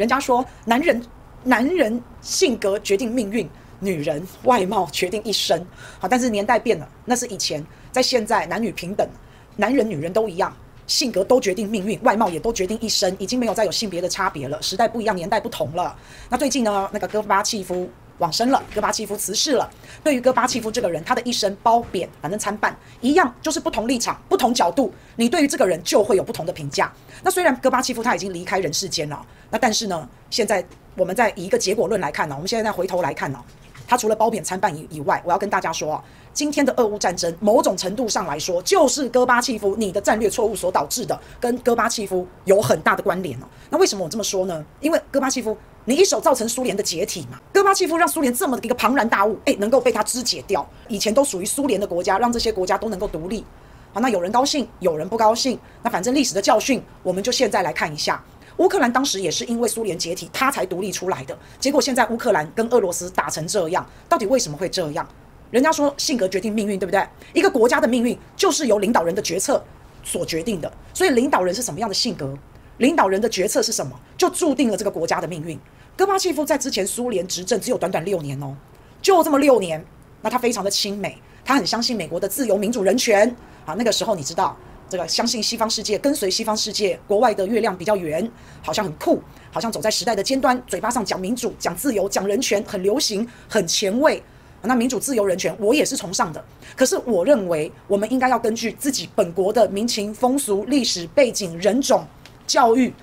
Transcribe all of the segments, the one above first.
人家說，男人男人性格決定命運，女人外貌決定一生。好，但是年代變了，那是以前，在現在男女平等，男人女人都一樣，性格都決定命運，外貌也都決定一生，已經沒有再有性別的差別了。時代不一樣，年代不同了。那最近呢？那個戈巴契夫。往生了，戈巴契夫辭世了。對於戈巴契夫這個人，他的一生褒貶反正參半，一樣就是不同立場、不同角度，你對於這個人就會有不同的評價。那雖然戈巴契夫他已經離開人世間了，那但是呢，現在我們再以一個結果論來看呢，我們現在再回頭來看呢。他除了褒貶參半以以外，我要跟大家說，啊，今天的俄烏戰爭某種程度上來說，就是戈巴契夫你的戰略錯誤所導致的，跟戈巴契夫有很大的關聯哦、啊。那為什麼我這麼說呢？因為戈巴契夫你一手造成蘇聯的解體嘛，戈巴契夫讓蘇聯這麼一個龐然大物，哎、欸，能夠被他肢解掉。以前都屬於蘇聯的國家，讓這些國家都能夠獨立。好，那有人高興，有人不高興。那反正歷史的教訓，我們就現在來看一下。烏克蘭當時也是因為蘇聯解體，他才獨立出來的。結果現在烏克蘭跟俄羅斯打成這樣，到底為什麼會這樣？人家說性格決定命運，對不對？一個國家的命運就是由領導人的決策所決定的。所以領導人是什麼樣的性格，領導人的決策是什麼，就注定了這個國家的命運。戈巴契夫在之前蘇聯執政只有短短六年哦，就這麼六年，那他非常的親美，他很相信美國的自由民主人權。啊，那個時候你知道。這個相信西方世界，跟隨西方世界，國外的月亮比較圓，好像很酷，好像走在時代的尖端，嘴巴上講民主、講自由、講人權，很流行，很前衛。那民主、自由、人權，我也是崇尚的。可是我認為，我們應該要根據自己本國的民情、風俗、歷史背景、人種、教育，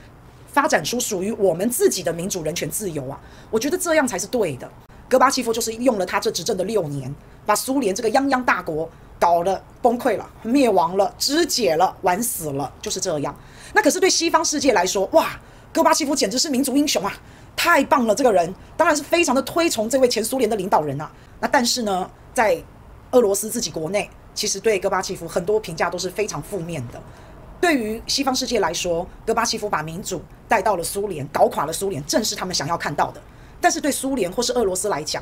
發展出屬於我們自己的民主、人權、自由啊！我覺得這樣才是對的。戈巴契夫就是用了他這執政的六年，把蘇聯這個泱泱大國。搞了，崩潰了，滅亡了，肢解了，玩死了，就是這樣。那可是對西方世界來說，哇，戈巴契夫簡直是民族英雄啊，太棒了！這個人當然是非常的推崇這位前蘇聯的領導人吶、啊。那但是呢，在俄羅斯自己國內，其實對戈巴契夫很多評價都是非常負面的。對於西方世界來說，戈巴契夫把民主帶到了蘇聯，搞垮了蘇聯，正是他們想要看到的。但是對蘇聯或是俄羅斯來講，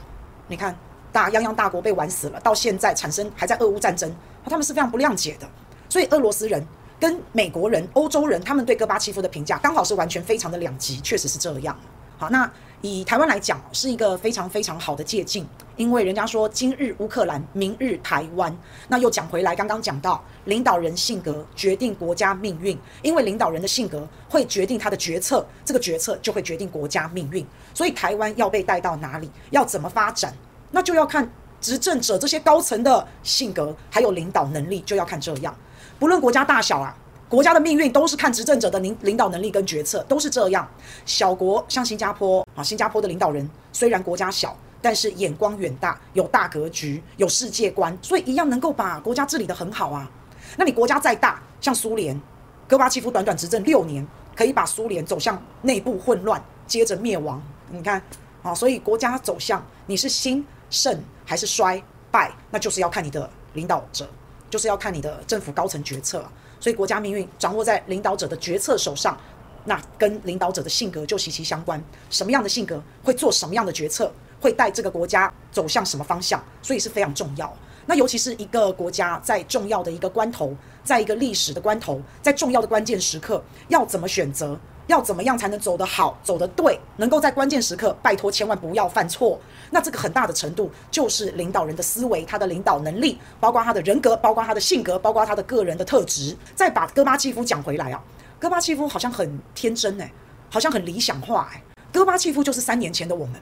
你看。大泱泱大國被玩死了，到現在產生還在俄烏戰爭，他們是非常不諒解的。所以俄羅斯人、跟美國人、歐洲人，他們對戈巴契夫的評價剛好是完全非常的兩極，確實是這樣。好，那以台灣來講，是一個非常非常好的借鏡，因為人家說今日烏克蘭，明日台灣。那又講回來，剛剛講到領導人性格決定國家命運，因為領導人的性格會決定他的決策，這個決策就會決定國家命運。所以台灣要被帶到哪裡，要怎麼發展？那就要看執政者這些高層的性格，還有領導能力，就要看這樣。不論國家大小啊，國家的命運都是看執政者的領領導能力跟決策，都是這樣。小國像新加坡啊，新加坡的領導人雖然國家小，但是眼光遠大，有大格局，有世界觀，所以一樣能夠把國家治理得很好啊。那你國家再大，像蘇聯，戈巴契夫短短執政六年，可以把蘇聯走向內部混亂，接着滅亡。你看啊，所以國家走向你是新。勝還是衰敗，那就是要看你的領導者，就是要看你的政府高層決策。所以國家命運掌握在領導者的決策手上，那跟領導者的性格就息息相關。什麼樣的性格會做什麼樣的決策，會帶這個國家走向什麼方向，所以是非常重要。那尤其是一個國家在重要的一個關頭，在一個歷史的關頭，在重要的關鍵時刻，要怎麼選擇？要怎麼樣才能走得好、走得對，能夠在關鍵時刻拜託，千萬不要犯錯。那這個很大的程度就是領導人的思維、他的領導能力，包括他的人格，包括他的性格，包括他的個人的特質。再把戈巴契夫講回來啊，戈巴契夫好像很天真誒、欸，好像很理想化誒、欸。戈巴契夫就是三年前的我們，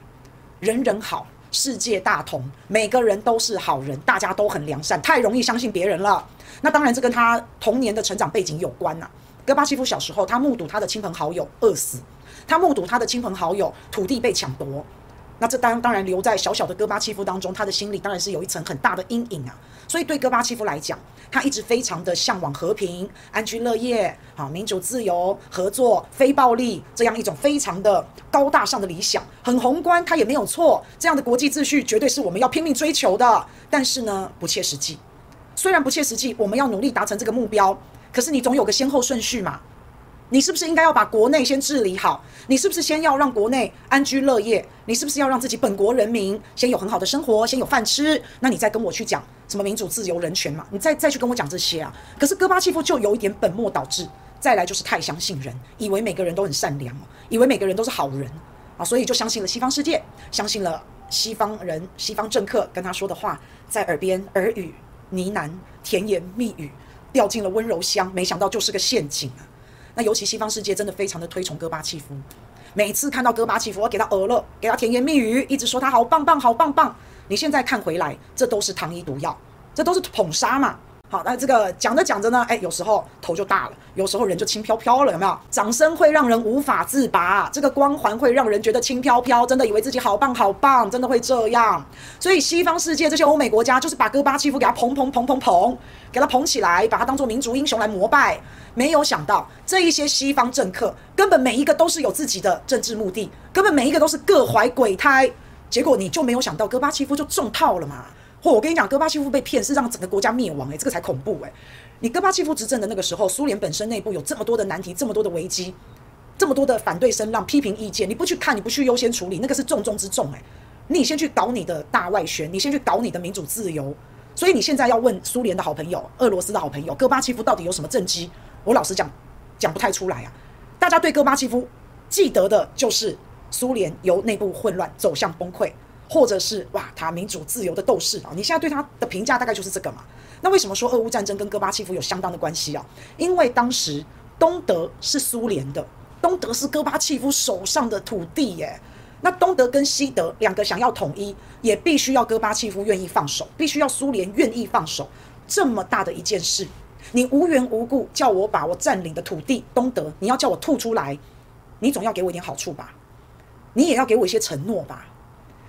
人人好，世界大同，每個人都是好人，大家都很良善，太容易相信別人了。那當然這跟他童年的成長背景有關吶、啊。戈巴契夫小時候，他目睹他的親朋好友餓死，他目睹他的親朋好友土地被搶奪，那這當當然留在小小的戈巴契夫當中，他的心裡當然是有一層很大的陰影啊。所以對戈巴契夫來講，他一直非常的向往和平、安居樂業、好民主、自由、合作、非暴力這樣一種非常的高大上的理想，很宏觀，他也沒有錯。這樣的國際秩序絕對是我們要拼命追求的，但是呢，不切實際。雖然不切實際，我們要努力達成這個目標。可是你總有個先後順序嘛？你是不是應該要把國內先治理好？你是不是先要讓國內安居樂業？你是不是要讓自己本國人民先有很好的生活，先有飯吃？那你再跟我去講什麼民主、自由、人權嘛？你再再去跟我講這些啊？可是戈巴契夫就有一點本末倒置，再來就是太相信人，以為每個人都很善良，以為每個人都是好人啊，所以就相信了西方世界，相信了西方人、西方政客跟他說的話，在耳邊耳語、呢喃、甜言蜜語。掉進了溫柔鄉，沒想到就是個陷阱啊！那尤其西方世界真的非常的推崇戈巴契夫，每次看到戈巴契夫，我給他耳樂，給他甜言蜜語，一直說他好棒棒，好棒棒。你現在看回來，這都是糖衣毒藥，這都是捧殺嘛！好，那這個講着講着呢，哎、欸，有時候頭就大了，有時候人就輕飄飄了，有沒有？掌聲會讓人無法自拔，這個光環會讓人覺得輕飄飄，真的以為自己好棒好棒，真的會這樣。所以西方世界這些歐美國家就是把戈巴契夫給他捧，捧捧捧捧捧，給他捧起來，把他當做民族英雄來膜拜。沒有想到，這一些西方政客根本每一個都是有自己的政治目的，根本每一個都是各懷鬼胎。結果你就沒有想到，戈巴契夫就中套了嘛。或、哦、我跟你講，戈巴契夫被騙是讓整個國家滅亡誒、欸，這個才恐怖誒、欸，你戈巴契夫執政的那個時候，蘇聯本身內部有這麼多的難題，這麼多的危機，這麼多的反對聲浪、批評意見，你不去看，你不去優先處理，那個是重中之重誒、欸，你先去搞你的大外宣，你先去搞你的民主自由。所以你現在要問蘇聯的好朋友、俄羅斯的好朋友，戈巴契夫到底有什麼政績？我老實講，講不太出來啊。大家對戈巴契夫記得的就是蘇聯由內部混亂走向崩潰。或者是哇，他民主自由的鬥士啊！你現在對他的評價大概就是這個嘛？那為什麼說俄烏戰爭跟戈巴契夫有相當的關係啊？因為當時東德是蘇聯的，東德是戈巴契夫手上的土地耶、欸。那東德跟西德兩個想要統一，也必須要戈巴契夫願意放手，必須要蘇聯願意放手。這麼大的一件事，你無緣無故叫我把我佔領的土地東德，你要叫我吐出來，你總要給我一點好處吧？你也要給我一些承諾吧？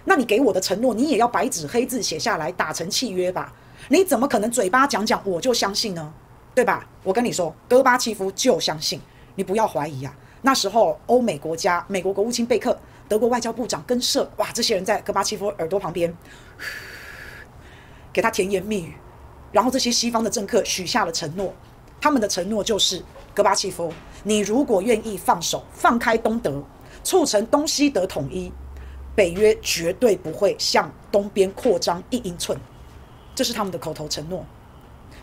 那你給我的承諾，你也要白紙黑字寫下來，打成契約吧？你怎麼可能嘴巴講講我就相信呢？對吧？我跟你說，戈巴契夫就相信，你不要懷疑啊！那時候歐美國家，美國國務卿貝克、德國外交部長根舍，哇，這些人在戈巴契夫耳朵旁邊給他甜言蜜語，然後這些西方的政客許下了承諾，他們的承諾就是：戈巴契夫，你如果願意放手放開東德，促成東西德統一。北約絕對不會向東邊擴張一英寸，這是他們的口頭承諾，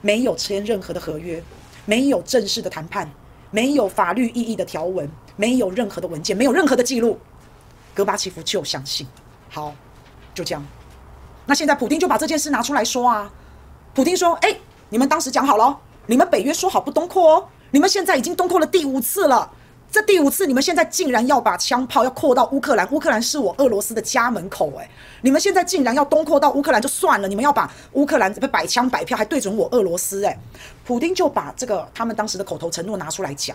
沒有簽任何的合約，沒有正式的談判，沒有法律意義的條文，沒有任何的文件，沒有任何的記錄。戈巴契夫就相信，好，就這樣。那現在普丁就把這件事拿出來說啊，普丁說：“哎、欸，你們當時講好了，你們北約說好不東擴哦，你們現在已經東擴了第五次了。”這第五次，你們現在竟然要把槍炮要擴到烏克蘭？烏克蘭是我俄羅斯的家門口、欸，誒，你們現在竟然要東擴到烏克蘭就算了，你們要把烏克蘭不擺槍擺票，還對準我俄羅斯、欸？誒。普丁就把這個他們當時的口頭承諾拿出來講，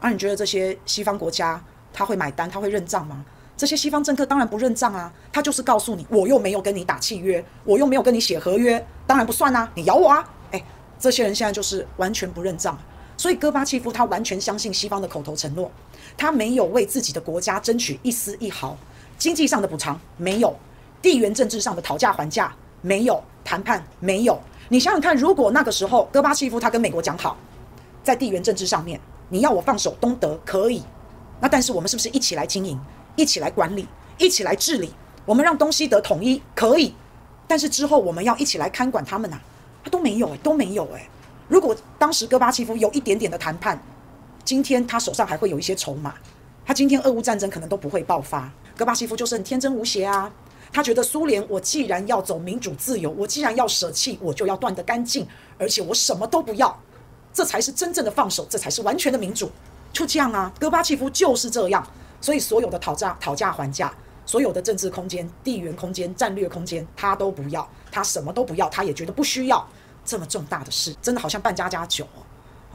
啊。你覺得這些西方國家他會買單，他會認賬嗎？這些西方政客當然不認賬啊，他就是告訴你，我又沒有跟你打契約，我又沒有跟你寫合約，當然不算啊。你咬我啊！誒、欸，這些人現在就是完全不認賬。所以戈巴契夫他完全相信西方的口頭承諾，他沒有為自己的國家爭取一絲一毫經濟上的補償，沒有地緣政治上的討價還價，沒有談判，沒有。你想想看，如果那個時候戈巴契夫他跟美國講好，在地緣政治上面，你要我放手東德可以，那但是我們是不是一起來經營，一起來管理，一起來治理？我們讓東西德統一可以，但是之後我們要一起來看管他們吶，他都沒有，哎，都沒有，哎。如果當時戈巴契夫有一點點的談判，今天他手上還會有一些籌碼，他今天俄烏戰爭可能都不會爆發。戈巴契夫就是很天真無邪啊，他覺得蘇聯，我既然要走民主自由，我既然要捨棄，我就要斷得乾淨，而且我什麼都不要，這才是真正的放手，這才是完全的民主。就這樣啊，戈巴契夫就是這樣，所以所有的討價討價還價，所有的政治空間、地緣空間、戰略空間，他都不要，他什麼都不要，他也覺得不需要。這麼重大的事，真的好像扮家家酒哦！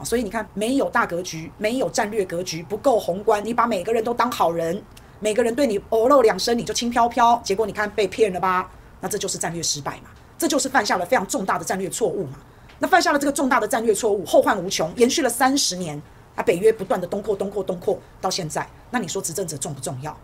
啊！所以你看，沒有大格局，沒有戰略格局，不夠宏觀，你把每個人都當好人，每個人對你哦漏兩聲，你就輕飄飄，結果你看被騙了吧？那這就是戰略失敗嘛，這就是犯下了非常重大的戰略錯誤嘛。那犯下了這個重大的戰略錯誤，後患無窮，延續了三十年啊，北約不斷的東擴、東擴、東擴，到現在，那你說執政者重不重要？